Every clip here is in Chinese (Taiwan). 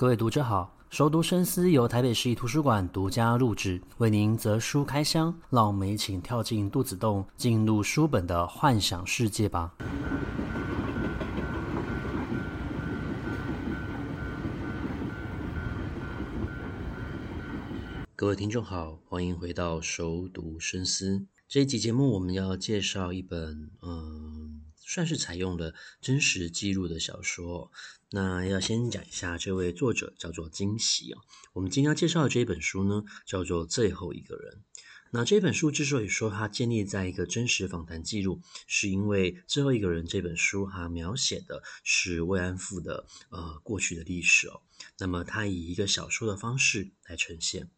各位讀者好，熟讀深思由臺北市立圖書館獨家錄製，為您擇書開箱，讓我們一起跳進肚子洞，進入書本的幻想世界吧。各位聽眾好，歡迎回到熟讀深思這一集節目，我們要介紹一本嗯。算是採用了真實記錄的小說哦，那要先講一下，這位作者叫做金喜哦。我們今天要介紹的這一本書呢，叫做《最後一個人》。那這本書之所以說它建立在一個真實訪談記錄，是因為《最後一個人》這本書哈，描寫的是慰安婦的呃過去的歷史哦。那麼，它以一個小說的方式來呈現。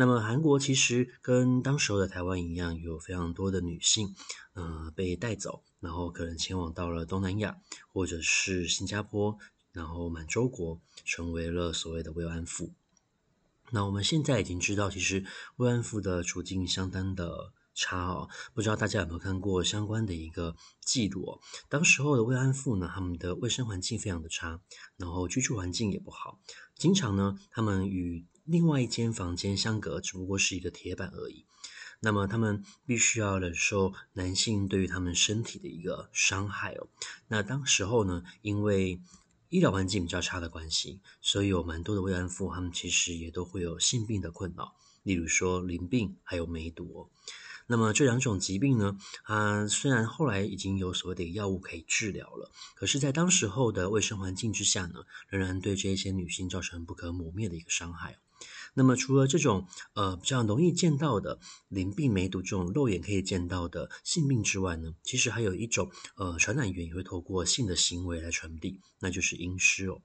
那麼，韓國其實跟當時候的台灣一樣，有非常多的女性，呃，被帶走，然後可能前往到了東南亞，或者是新加坡，然後滿洲國成為了所謂的慰安婦。那我們現在已經知道，其實慰安婦的處境相當的差哦。不知道大家有沒有看過相關的一個記錄哦？當時候的慰安婦呢，他們的衛生環境非常的差，然後居住環境也不好，經常呢，他們與另外一間房間相隔只不過是一個鐵板而已，那麼他們必須要忍受男性對於他們身體的一個傷害哦。那當時候呢，因為醫療環境比較差的關係，所以有蠻多的慰安婦，他們其實也都會有性病的困擾，例如說淋病還有梅毒哦。那麼這兩種疾病呢，啊雖然後來已經有所謂的藥物可以治療了，可是，在當時候的衛生環境之下呢，仍然對這些女性造成不可磨滅的一個傷害。那麼，除了這種呃比較容易見到的淋病、梅毒這種肉眼可以見到的性病之外呢，其實還有一種呃傳染源也會透過性的行為來傳遞，那就是陰蝨哦。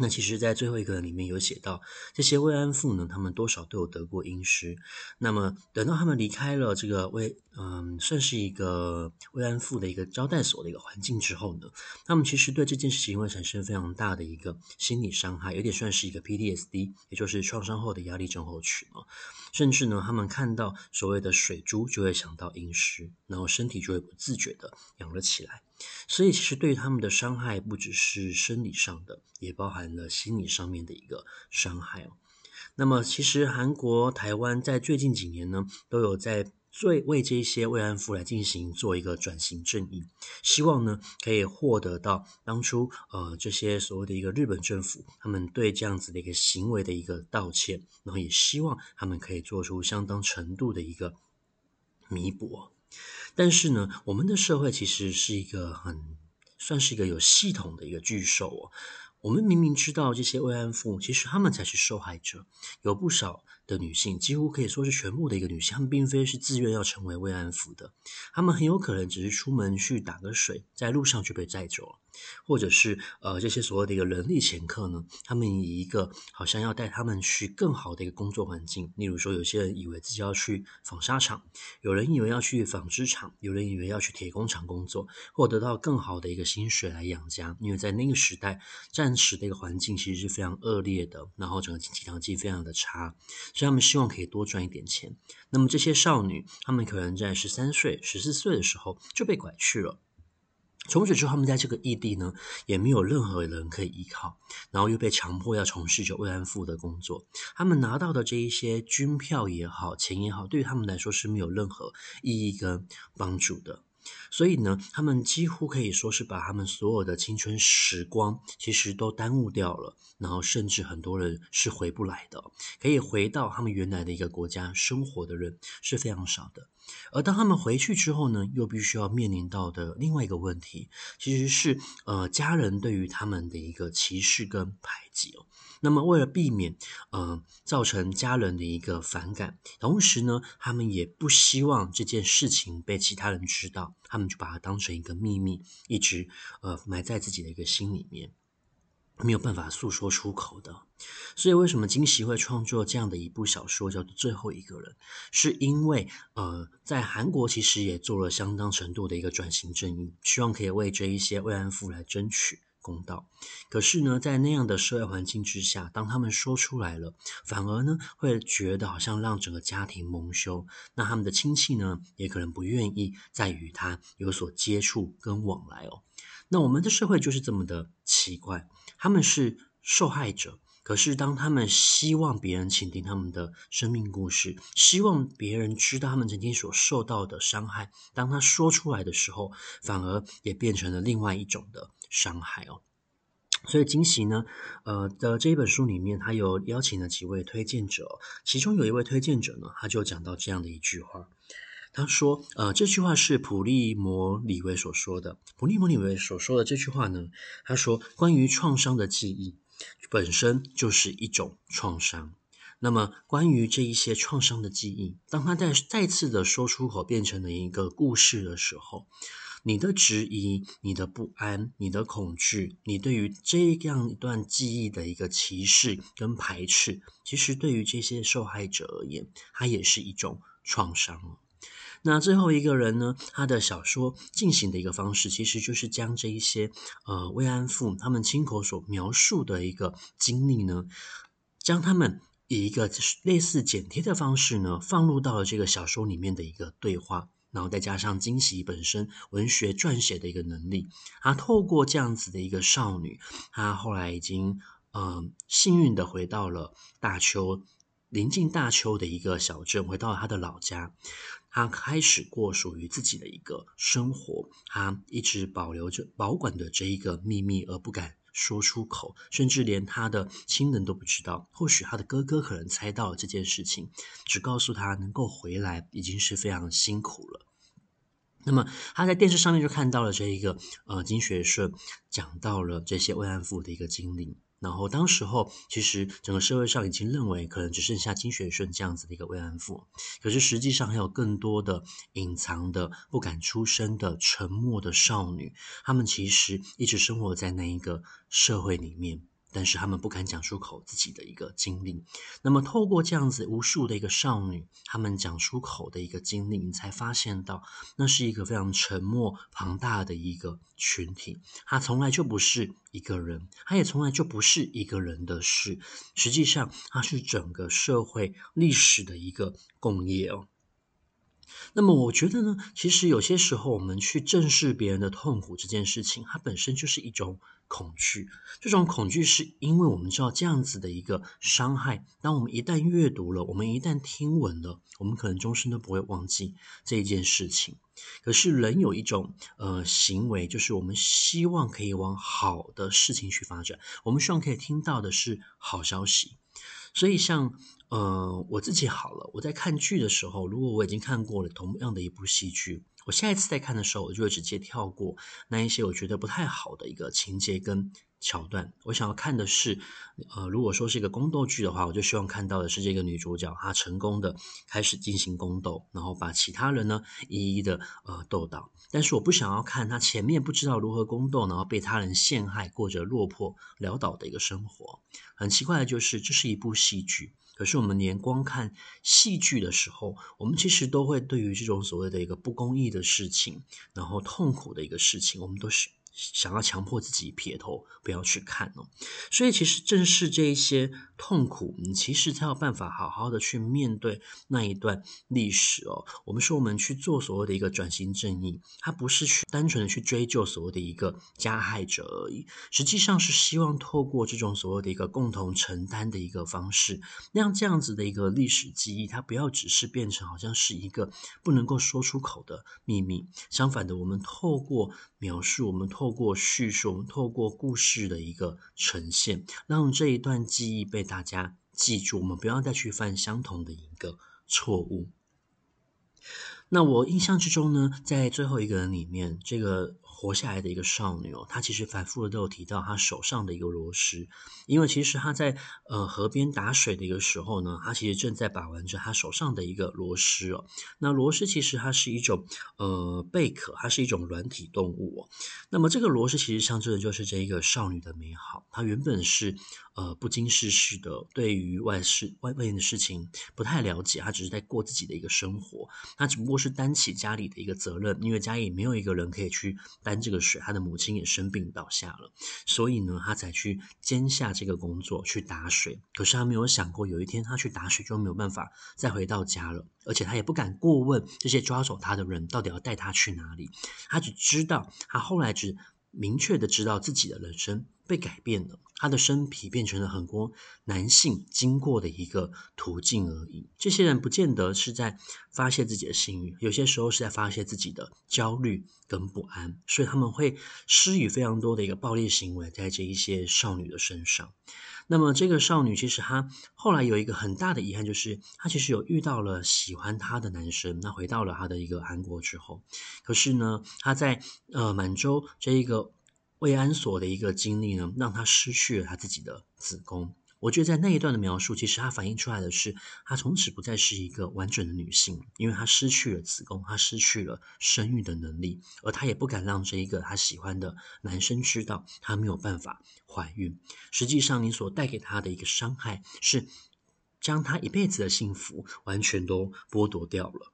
那其實，在最後一個人裡面有寫到，這些慰安婦呢，他們多少都有得過陰蝨。那麼，等到他們離開了這個慰，嗯、呃，算是一個慰安婦的一個招待所的一個環境之後呢，他們其實對這件事情會產生非常大的一個心理傷害，有點算是一個 PTSD，也就是創傷後的壓力症候群啊。甚至呢，他們看到所謂的水珠，就會想到陰濕，然後身體就會不自覺的癢了起來。所以，其實對他們的傷害，不只是生理上的，也包含了心理上面的一個傷害哦。那麼，其實韓國、台灣在最近幾年呢，都有在。最為這些慰安婦來進行做一個轉型正義，希望呢可以獲得到當初呃這些所謂的一個日本政府他們對這樣子的一個行為的一個道歉，然後也希望他們可以做出相當程度的一個彌補。但是呢，我們的社會其實是一個很算是一個有系統的一個巨獸哦。我們明明知道這些慰安婦其實他們才是受害者，有不少的女性幾乎可以說是全部的一個女性，她們並非是自願要成為慰安婦的，她們很有可能只是出門去打個水，在路上就被載走了，或者是呃這些所謂的一個人力掮客呢，她們以一個好像要帶她們去更好的一個工作環境，例如說有些人以為自己要去紡紗廠，有人以為要去紡織廠，有人以為要去鐵工廠工作，獲得到更好的一個薪水來養家，因為在那個時代，戰時的一個環境其實是非常惡劣的，然後整個經濟環境非常的差。所以他們希望可以多賺一點錢。那麼這些少女，他們可能在十三歲、十四歲的時候就被拐去了。從此之後，他們在這個異地呢，也沒有任何人可以依靠，然後又被強迫要從事着慰安婦的工作。他們拿到的這一些軍票也好，錢也好，對於他們來說是沒有任何意義跟幫助的。所以呢，他們幾乎可以說是把他們所有的青春時光，其實都耽誤掉了。然後，甚至很多人是回不來的。可以回到他們原來的一個國家生活的人是非常少的。而當他們回去之後呢，又必須要面臨到的另外一個問題，其實是呃，家人對於他們的一個歧視跟排擠。那麼，為了避免，呃，造成家人的一個反感，同時呢，他們也不希望這件事情被其他人知道，他們就把它當成一個秘密，一直呃埋在自己的一個心裡面，沒有辦法訴說出口的。所以，為什麼金喜會創作這樣的一部小說叫做《最後一個人》，是因為，呃，在韓國其實也做了相當程度的一個轉型正義，希望可以為這一些慰安婦來爭取公道，可是呢，在那樣的社會環境之下，當他們說出來了，反而呢，會覺得好像讓整個家庭蒙羞。那他們的親戚呢，也可能不願意再與他有所接觸跟往來哦。那我們的社會就是這麼的奇怪。他們是受害者，可是當他們希望別人傾聽他們的生命故事，希望別人知道他們曾經所受到的傷害，當他說出來的時候，反而也變成了另外一種的。傷害哦，所以金喜呢，呃的這一本書裡面，他有邀請了幾位推薦者，哦，其中有一位推薦者呢，他就講到這樣的一句話，他說，呃，這句話是普利摩李維所說的，普利摩李維所說的這句話呢，他說，關於創傷的記憶，本身就是一種創傷。那麼，關於這一些創傷的記憶，當他再再次的說出口，變成了一個故事的時候，你的質疑、你的不安、你的恐懼、你對於這樣一段記憶的一個歧視跟排斥，其實對於這些受害者而言，它也是一種創傷。那最後一個人呢，他的小說進行的一個方式，其實就是將這一些呃慰安婦他們親口所描述的一個經歷呢，將他們。以一個就是類似剪貼的方式呢，放入到了這個小說裡面的一個對話，然後再加上金息本身文學撰寫的一個能力，啊，透過這樣子的一個少女，她後來已經，嗯、呃，幸運地回到了大邱，臨近大邱的一個小鎮，回到了她的老家，她開始過屬於自己的一個生活，她一直保留着保管著這一個秘密而不敢。說出口，甚至連他的親人都不知道。或許他的哥哥可能猜到了這件事情，只告訴他能夠回來已經是非常辛苦了。那麼他在電視上面就看到了這一個呃、金學順講到了這些慰安婦的一個經歷。然後，當時候其實整個社會上已經認為，可能只剩下金學順這樣子的一個慰安婦，可是實際上還有更多的隱藏的、不敢出聲的、沉默的少女，她們其實一直生活在那一個社會裡面。但是他們不敢講出口自己的一個經歷，那麼透過這樣子無數的一個少女，他們講出口的一個經歷，你才發現到那是一個非常沉默龐大的一個群體，他從來就不是一個人，他也從來就不是一個人的事，實際上它是整個社會歷史的一個共業哦。那麼我覺得呢，其實有些時候我們去正視別人的痛苦這件事情，它本身就是一種。恐懼，這種恐懼是因為我們知道這樣子的一個傷害。當我們一旦閱讀了，我們一旦聽聞了，我們可能終身都不會忘記這一件事情。可是人有一種呃行為，就是我們希望可以往好的事情去發展，我們希望可以聽到的是好消息。所以像呃我自己好了，我在看劇的時候，如果我已經看過了同樣的一部戲劇。我下一次再看的時候，我就會直接跳過那一些我覺得不太好的一個情節跟橋段，我想要看的是，呃，如果說是一個宮鬥劇的話，我就希望看到的是這個女主角她成功的開始進行宮鬥，然後把其他人呢一一的呃鬥倒。但是我不想要看她前面不知道如何宮鬥，然後被他人陷害，過着落魄潦倒的一個生活。很奇怪的就是，這是一部戲劇，可是我們連光看戲劇的時候，我們其實都會對於這種所謂的一個不公義的事情，然後痛苦的一個事情，我們都是。想要強迫自己撇頭，不要去看哦。所以其實正是這一些痛苦，你其實才有辦法好好的去面對那一段歷史哦。我們說我們去做所謂的一個轉型正義，它不是去單純的去追究所謂的一個加害者而已，實際上是希望透過這種所謂的一個共同承擔的一個方式，讓這樣子的一個歷史記憶，它不要只是變成好像是一個不能夠說出口的秘密。相反的，我們透過描述我們。透過敘述，透過故事的一個呈現，讓這一段記憶被大家記住。我們不要再去犯相同的一個錯誤。那我印象之中呢，在最後一個人裡面，這個。活下來的一個少女哦，她其實反覆的都有提到她手上的一個螺螄。因為其實她在呃河邊打水的一個時候呢，她其實正在把玩着她手上的一個螺螄哦。那螺螄其實它是一種呃貝殼，它是一種軟體動物哦。那麼這個螺螄其實象徵的就是這一個少女的美好，它原本是。呃，不經世事的，對於外事外面的事情不太了解，他只是在過自己的一個生活。他只不過是擔起家裡的一個責任，因為家裡沒有一個人可以去擔這個水，他的母親也生病倒下了，所以呢，他才去肩下這個工作去打水。可是他沒有想過，有一天他去打水就沒有辦法再回到家了，而且他也不敢過問這些抓走他的人到底要帶他去哪裡。他只知道，他後來只明確的知道自己的人生。被改變了，他的身體變成了很多男性經過的一個途徑而已。這些人不見得是在發洩自己的性慾，有些時候是在發洩自己的焦慮跟不安，所以他們會施予非常多的一個暴力行為在這一些少女的身上。那麼這個少女其實她後來有一個很大的遺憾，就是她其實有遇到了喜歡她的男生。那回到了她的一個韓國之後，可是呢，她在呃滿洲這一個。慰安所的一個經歷呢，讓她失去了她自己的子宮。我覺得在那一段的描述，其實它反映出來的是，她從此不再是一個完整的女性，因為她失去了子宮，她失去了生育的能力，而她也不敢讓這一個她喜歡的男生知道她沒有辦法懷孕。實際上，你所帶給她的一個傷害，是將她一輩子的幸福完全都剝奪掉了。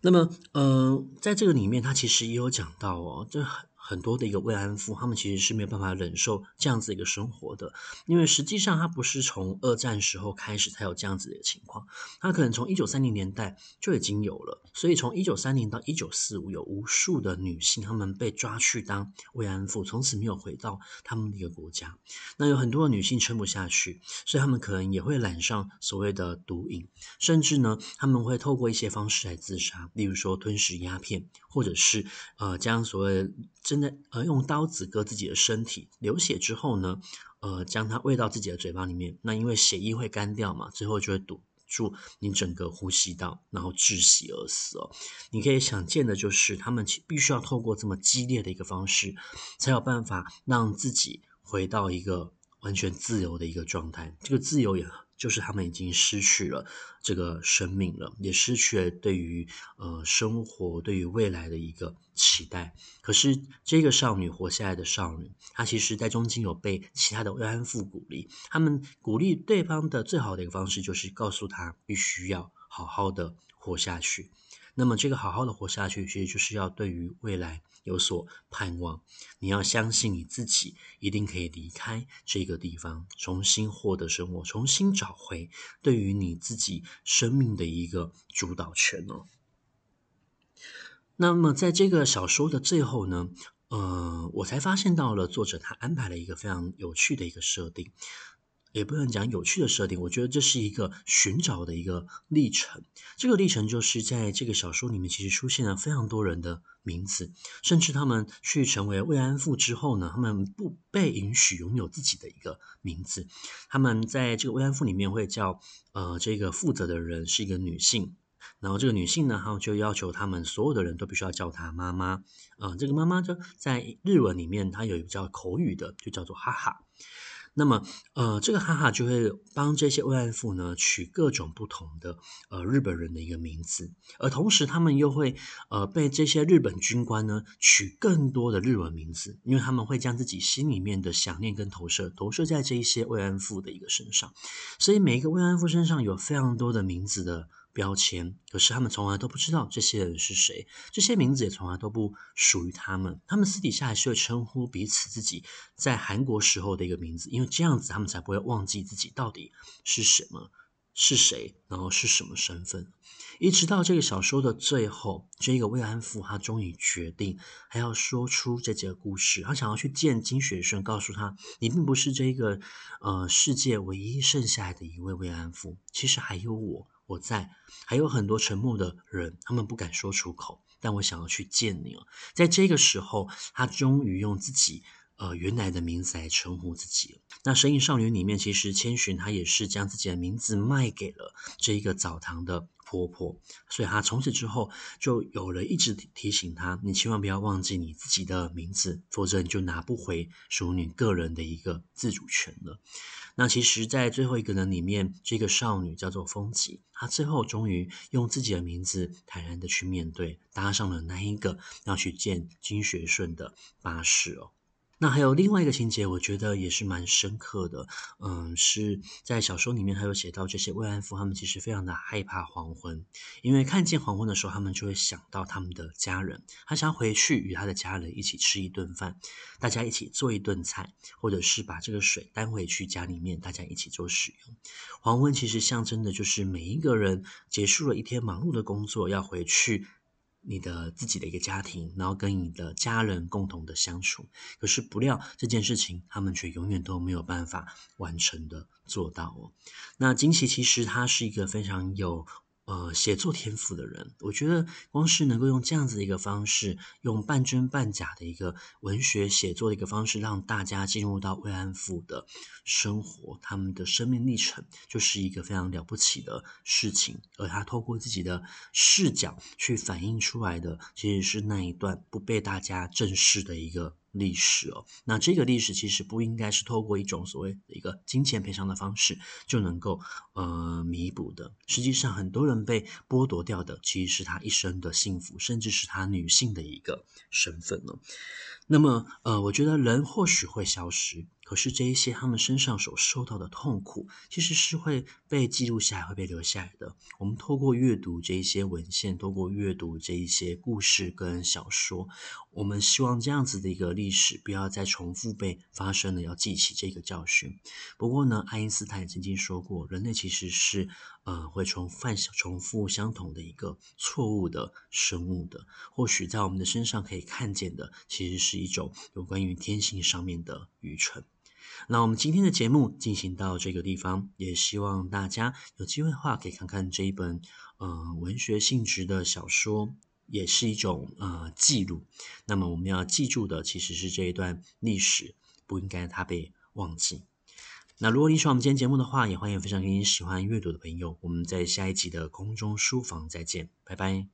那麼，嗯、呃，在這個裡面，他其實也有講到哦，這很。很多的一個慰安婦，她們其實是沒有辦法忍受這樣子一個生活的，因為實際上她不是從二戰時候開始才有這樣子的一個情況，她可能從一九三零年代就已經有了。所以從一九三零到一九四五，有無數的女性，她們被抓去當慰安婦，從此沒有回到她們的一個國家。那有很多的女性撐不下去，所以她們可能也會染上所謂的毒癮，甚至呢，她們會透過一些方式來自殺，例如說吞食鴉片。或者是呃，將所謂真的呃，用刀子割自己的身體流血之後呢，呃，將它餵到自己的嘴巴裡面。那因為血液會乾掉嘛，最後就會堵住你整個呼吸道，然後窒息而死哦。你可以想見的就是，他們其實必須要透過這麼激烈的一個方式，才有辦法讓自己回到一個完全自由的一個狀態。這個自由也。就是他們已經失去了這個生命了，也失去了對於呃生活、對於未來的一個期待。可是這個少女活下來的少女，她其實在中間有被其他的慰安婦鼓勵，他們鼓勵對方的最好的一個方式就是告訴她必須要好好的活下去。那麼，這個好好的活下去，其實就是要對於未來有所盼望。你要相信你自己，一定可以離開這個地方，重新獲得生活，重新找回對於你自己生命的一個主導權哦。那麼，在這個小說的最後呢，呃，我才發現到了作者他安排了一個非常有趣的一個設定。也不能講有趣的設定，我覺得這是一個尋找的一個歷程。這個歷程就是在這個小說裡面，其實出現了非常多人的名字，甚至他們去成為慰安婦之後呢，他們不被允許擁有自己的一個名字。他們在這個慰安婦裡面會叫呃，這個負責的人是一個女性，然後這個女性呢，她就要求他們所有的人都必須要叫她媽媽。呃，這個媽媽就在日文裡面，它有一個叫口語的，就叫做哈哈。那麼，呃，這個哈哈就會幫這些慰安婦呢，取各種不同的呃日本人的一個名字，而同時他們又會呃被這些日本軍官呢，取更多的日文名字，因為他們會將自己心裡面的想念跟投射投射，在這一些慰安婦的一個身上，所以每一個慰安婦身上有非常多的名字的。標籤，可是他們從來都不知道這些人是誰，這些名字也從來都不屬於他們。他們私底下還是會稱呼彼此自己在韓國時候的一個名字，因為這樣子他們才不會忘記自己到底是什麼是誰，然後是什麼身份。一直到這個小說的最後，這個慰安婦她終於決定還要說出這幾個故事，她想要去見金學順，告訴他：“你並不是這個呃世界唯一剩下來的一位慰安婦，其實還有我。”我在，還有很多沉默的人，他們不敢說出口，但我想要去見你了。在這個時候，他終於用自己呃原來的名字來稱呼自己了。那《神隱少女》裡面，其實千尋她也是將自己的名字賣給了這一個澡堂的。婆婆，所以她從此之後就有人一直提醒她，你千萬不要忘記你自己的名字，否則你就拿不回屬於你個人的一個自主權了。那其實，在最後一個人裡面，這個少女叫做風吉，她最後終於用自己的名字坦然的去面對，搭上了那一個要去見金學順的巴士哦。那還有另外一個情節，我覺得也是蠻深刻的。嗯，是在小說裡面還有寫到這些慰安婦，她們其實非常的害怕黃昏，因為看見黃昏的時候，她們就會想到她們的家人，她想回去與她的家人一起吃一頓飯，大家一起做一頓菜，或者是把這個水帶回去家裡面，大家一起做使用。黃昏其實象徵的就是每一個人結束了一天忙碌的工作，要回去。你的自己的一個家庭，然後跟你的家人共同的相處，可是不料這件事情，他們卻永遠都沒有辦法完成的做到哦。那驚奇其實它是一個非常有。呃，寫作天賦的人，我覺得光是能夠用這樣子的一個方式，用半真半假的一個文學寫作的一個方式，讓大家進入到慰安婦的生活，他們的生命歷程，就是一個非常了不起的事情。而他透過自己的視角去反映出來的，其實是那一段不被大家正視的一個。歷史哦，那這個歷史其實不應該是透過一種所謂的一個金錢賠償的方式就能夠呃彌補的。實際上，很多人被剝奪掉的，其實是他一生的幸福，甚至是他女性的一個身份了哦。那麼，呃，我覺得人或許會消失。可是，這一些他們身上所受到的痛苦，其實是會被記錄下來、會被留下來的。我們透過閱讀這一些文獻，透過閱讀這一些故事跟小說，我們希望這樣子的一個歷史不要再重複被發生了，要記起這個教訓。不過呢，愛因斯坦也曾經說過，人類其實是。呃，會重犯重複相同的一個錯誤的生物的，或許在我們的身上可以看見的，其實是一種有關於天性上面的愚蠢。那我們今天的節目進行到這個地方，也希望大家有機會的話，可以看看這一本呃文學性質的小說，也是一種呃記錄。那麼我們要記住的，其實是這一段歷史，不應該讓它被忘記。那如果你喜歡我們今天節目的話，也歡迎分享給你喜歡閱讀的朋友。我們在下一集的空中書房再見，拜拜。